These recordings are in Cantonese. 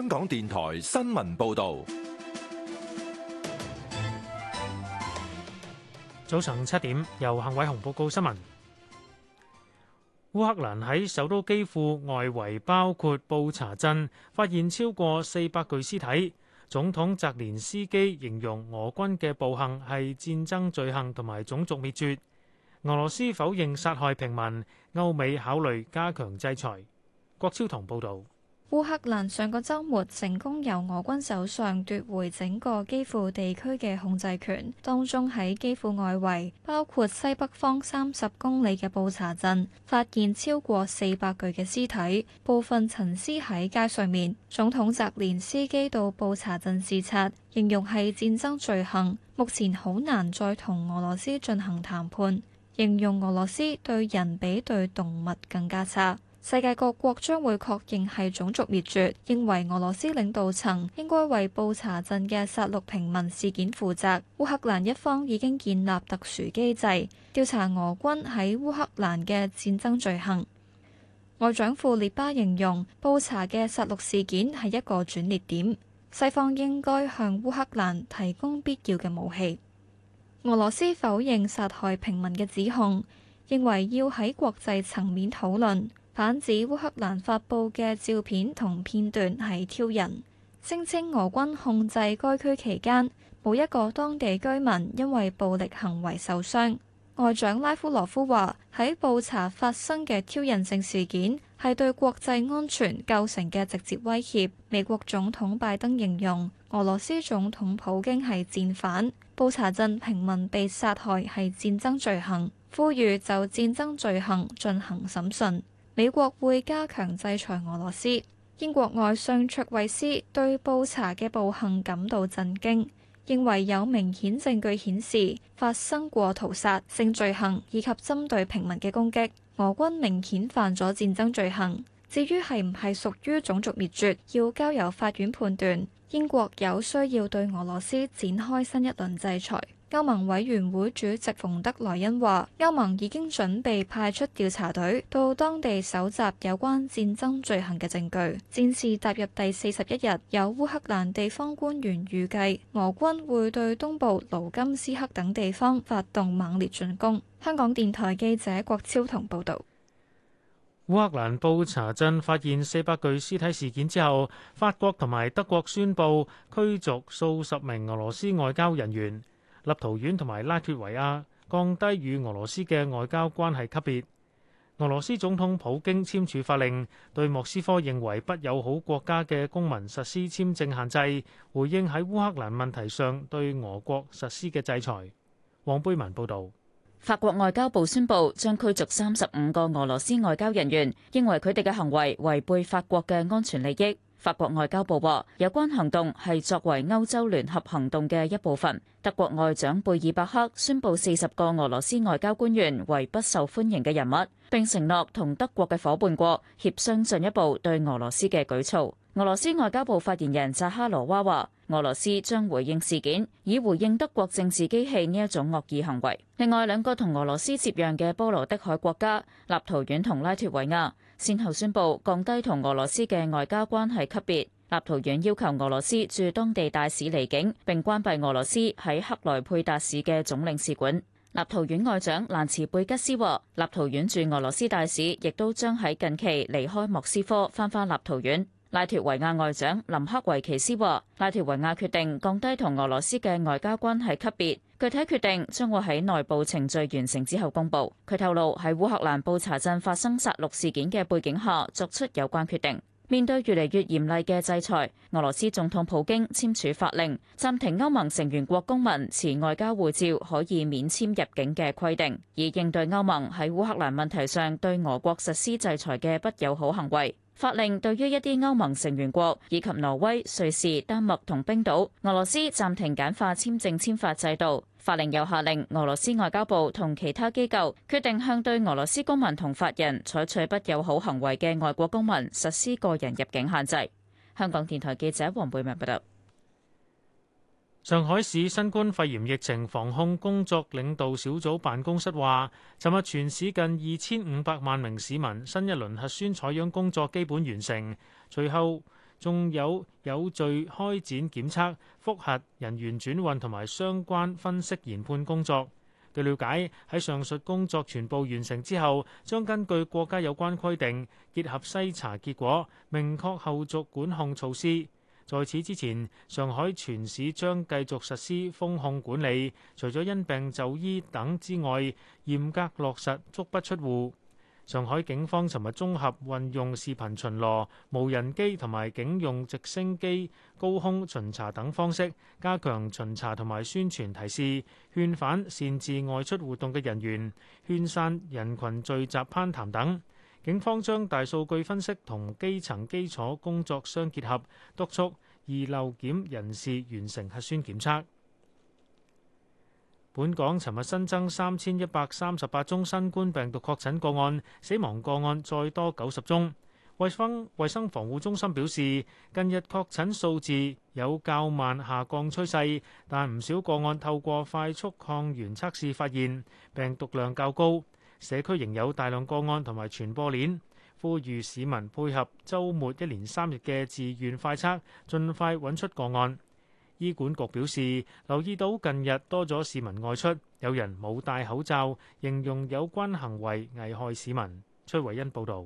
香港電台新聞報道，早上七點，由幸偉雄報告新聞。烏克蘭喺首都基輔外圍，包括布查鎮，發現超過四百具屍體。總統澤連斯基形容俄軍嘅暴行係戰爭罪行同埋種族滅絕。俄羅斯否認殺害平民，歐美考慮加強制裁。郭超同報道。烏克蘭上個週末成功由俄軍手上奪回整個基輔地區嘅控制權，當中喺基輔外圍，包括西北方三十公里嘅布查鎮，發現超過四百具嘅屍體，部分陳屍喺街上面。總統澤連斯基到布查鎮視察，形容係戰爭罪行，目前好難再同俄羅斯進行談判，形容俄羅斯對人比對動物更加差。世界各國將會確認係種族滅絕，認為俄羅斯領導層應該為布查鎮嘅殺戮平民事件負責。烏克蘭一方已經建立特殊機制調查俄軍喺烏克蘭嘅戰爭罪行。外長庫列巴形容布查嘅殺戮事件係一個轉捩點，西方應該向烏克蘭提供必要嘅武器。俄羅斯否認殺害平民嘅指控，認為要喺國際層面討論。反指烏克蘭發布嘅照片同片段係挑釁，聲稱俄軍控制該區期間，冇一個當地居民因為暴力行為受傷。外長拉夫羅夫話：喺布查發生嘅挑釁性事件係對國際安全構成嘅直接威脅。美國總統拜登形容俄羅斯總統普京係戰犯，布查鎮平民被殺害係戰爭罪行，呼籲就戰爭罪行進行審訊。美國會加強制裁俄羅斯。英國外相卓慧思對布查嘅暴行感到震驚，認為有明顯證據顯示發生過屠殺、性罪行以及針對平民嘅攻擊，俄軍明顯犯咗戰爭罪行。至於係唔係屬於種族滅絕，要交由法院判斷。英國有需要對俄羅斯展開新一輪制裁。歐盟委員會主席馮德萊恩話：歐盟已經準備派出調查隊到當地搜集有關戰爭罪行嘅證據。戰事踏入第四十一日，有烏克蘭地方官員預計俄軍會對東部盧甘斯克等地方發動猛烈進攻。香港電台記者郭超同報道：烏克蘭布查鎮發現四百具屍體事件之後，法國同埋德國宣布驅逐數十名俄羅斯外交人員。立陶宛同埋拉脱維亞降低與俄羅斯嘅外交關係級別。俄羅斯總統普京簽署法令，對莫斯科認為不友好國家嘅公民實施簽證限制，回應喺烏克蘭問題上對俄國實施嘅制裁。黃貝文報導。法國外交部宣布將驅逐三十五個俄羅斯外交人員，認為佢哋嘅行為違背法國嘅安全利益。法國外交部話：有關行動係作為歐洲聯合行動嘅一部分。德國外長貝爾伯克宣布四十個俄羅斯外交官員為不受歡迎嘅人物，並承諾同德國嘅伙伴國協商進一步對俄羅斯嘅舉措。俄羅斯外交部發言人扎哈羅娃話：俄羅斯將回應事件，以回應德國政治機器呢一種惡意行為。另外兩個同俄羅斯接壤嘅波羅的海國家立陶宛同拉脱維亞，先後宣布降低同俄羅斯嘅外交關係級別，立陶宛要求俄羅斯駐當地大使離境並關閉俄羅斯喺克萊佩達市嘅總領事館。立陶宛外長蘭茨貝吉斯話，立陶宛駐俄羅斯大使亦都將喺近期離開莫斯科，翻返立陶宛。拉脫維亞外長林克維奇斯話：拉脫維亞決定降低同俄羅斯嘅外交關係級別，具體決定將會喺內部程序完成之後公布。佢透露喺烏克蘭布查鎮發生殺戮事件嘅背景下作出有關決定。面對越嚟越嚴厲嘅制裁，俄羅斯總統普京簽署法令，暫停歐盟成員國公民持外交護照可以免簽入境嘅規定，以應對歐盟喺烏克蘭問題上對俄國實施制裁嘅不友好行為。法令對於一啲歐盟成員國以及挪威、瑞士、丹麥同冰島、俄羅斯暫停簡化簽證簽發制度。法令又下令俄羅斯外交部同其他機構決定向對俄羅斯公民同法人採取不友好行為嘅外國公民實施個人入境限制。香港電台記者黃貝文報道。上海市新冠肺炎疫情防控工作領導小組辦公室話尋日全市近二千五百萬名市民，新一輪核酸採樣工作基本完成，隨後仲有有序開展檢測複核、人員轉運同埋相關分析研判工作。據了解，喺上述工作全部完成之後，將根據國家有關規定，結合篩查結果，明確後續管控措施。在此之前，上海全市將繼續實施封控管理，除咗因病就醫等之外，嚴格落實足不出戶。上海警方尋日綜合運用視頻巡邏、無人機同埋警用直升機高空巡查等方式，加強巡查同埋宣傳提示，勸返擅自外出活動嘅人員，勸散人群聚集攀談等。警方將大數據分析同基層基礎工作相結合，督促疑漏檢人士完成核酸檢測。本港尋日新增三千一百三十八宗新冠病毒確診個案，死亡個案再多九十宗。衞生衞生防護中心表示，近日確診數字有較慢下降趨勢，但唔少個案透過快速抗原測試發現病毒量較高。社區仍有大量個案同埋傳播鏈，呼籲市民配合週末一連三日嘅自願快測，盡快揾出個案。醫管局表示，留意到近日多咗市民外出，有人冇戴口罩，形容有關行為危害市民。崔偉恩報導，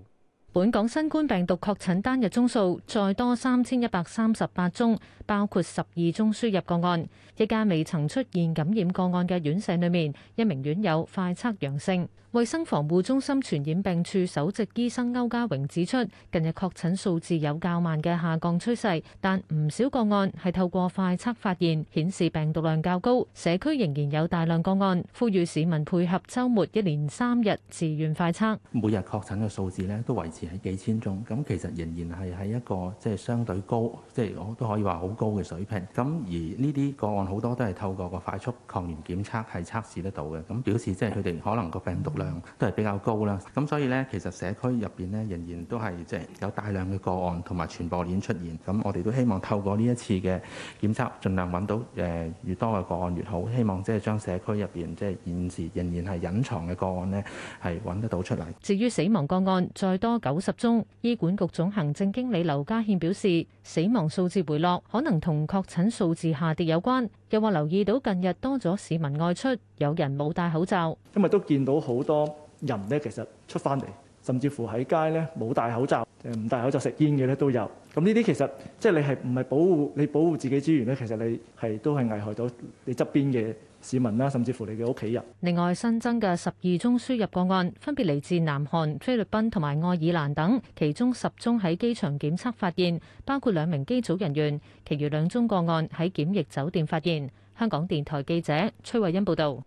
本港新冠病毒確診單日宗數再多三千一百三十八宗，包括十二宗輸入個案。一家未曾出現感染個案嘅院舍裏面，一名院友快測陽性。衛生防護中心傳染病處首席醫生歐家榮指出，近日確診數字有較慢嘅下降趨勢，但唔少個案係透過快測發現，顯示病毒量較高，社區仍然有大量個案，呼籲市民配合周末一連三日自願快測。每日確診嘅數字咧都維持喺幾千宗，咁其實仍然係喺一個即係相對高，即係我都可以話好高嘅水平。咁而呢啲個案好多都係透過個快速抗原檢測係測試得到嘅，咁表示即係佢哋可能個病毒量都係比較高啦，咁所以呢，其實社區入邊呢，仍然都係即係有大量嘅個案同埋傳播鏈出現，咁我哋都希望透過呢一次嘅檢測，盡量揾到誒越多嘅個案越好，希望即係將社區入邊即係現時仍然係隱藏嘅個案呢，係揾得到出嚟。至於死亡個案再多九十宗，醫管局總行政經理劉家憲表示，死亡數字回落可能同確診數字下跌有關。又話留意到近日多咗市民外出，有人冇戴口罩。今日都見到好多人咧，其實出返嚟，甚至乎喺街咧冇戴口罩，唔戴口罩食煙嘅咧都有。咁呢啲其實即係你係唔係保護你保護自己資源咧？其實你係都係危害到你側邊嘅。市民啦，甚至乎你嘅屋企人。另外新增嘅十二宗輸入個案，分別嚟自南韓、菲律賓同埋愛爾蘭等，其中十宗喺機場檢測發現，包括兩名機組人員，其餘兩宗個案喺檢疫酒店發現。香港電台記者崔慧欣報道。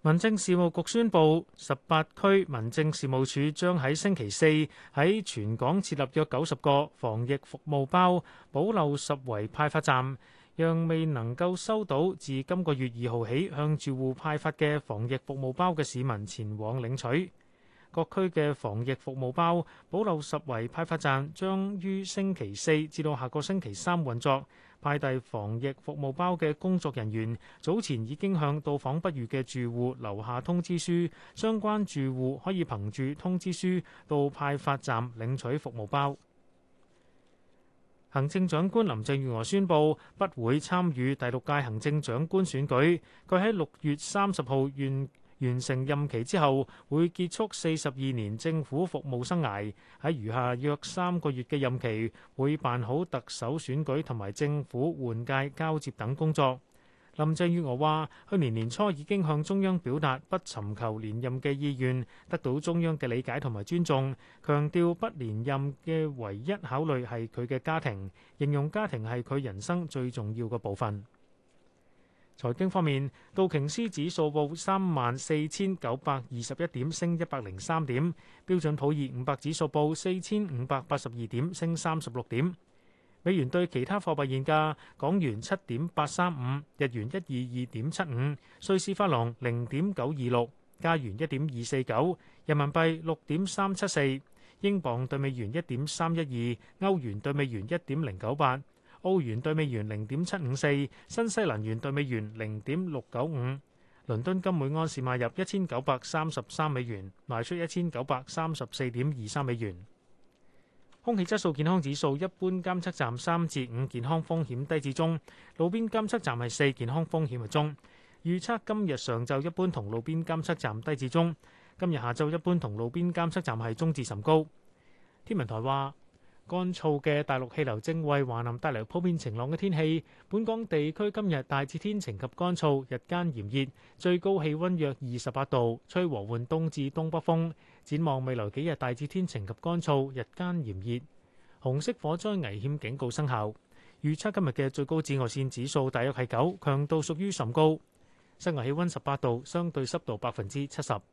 民政事務局宣佈，十八區民政事務處將喺星期四喺全港設立約九十個防疫服務包，保留十圍派發站。讓未能夠收到自今個月二號起向住戶派發嘅防疫服務包嘅市民前往領取。各區嘅防疫服務包保留十圍派發站，將於星期四至到下個星期三運作，派遞防疫服務包嘅工作人員早前已經向到訪不遇嘅住戶留下通知書，相關住戶可以憑住通知書到派發站領取服務包。行政長官林鄭月娥宣布，不會參與第六屆行政長官選舉。佢喺六月三十號完完成任期之後，會結束四十二年政府服務生涯。喺餘下約三個月嘅任期，會辦好特首選舉同埋政府換屆交接等工作。林鄭月娥話：去年年初已經向中央表達不尋求連任嘅意願，得到中央嘅理解同埋尊重。強調不連任嘅唯一考慮係佢嘅家庭，形容家庭係佢人生最重要嘅部分。財經方面，道瓊斯指數報三萬四千九百二十一點，升一百零三點；標準普爾五百指數報四千五百八十二點，升三十六點。美元兌其他貨幣現價：港元七點八三五，日元一二二點七五，瑞士法郎零點九二六，加元一點二四九，人民幣六點三七四，英鎊對美元一點三一二，歐元對美元一點零九八，澳元對美元零點七五四，新西蘭元對美元零點六九五。倫敦金每安士賣入一千九百三十三美元，賣出一千九百三十四點二三美元。空氣質素健康指數一般監測站三至五，健康風險低至中；路邊監測站係四，健康風險係中。預測今日上晝一般同路邊監測站低至中，今日下晝一般同路邊監測站係中至甚高。天文台話，乾燥嘅大陸氣流正為華南帶來普遍晴朗嘅天氣。本港地區今日大致天晴及乾燥，日間炎熱，最高氣溫約二十八度，吹和緩東至東北風。展望未來幾日，大致天晴及乾燥，日間炎熱，紅色火災危險警告生效。預測今日嘅最高紫外線指數大約係九，強度屬於甚高。室外氣溫十八度，相對濕度百分之七十。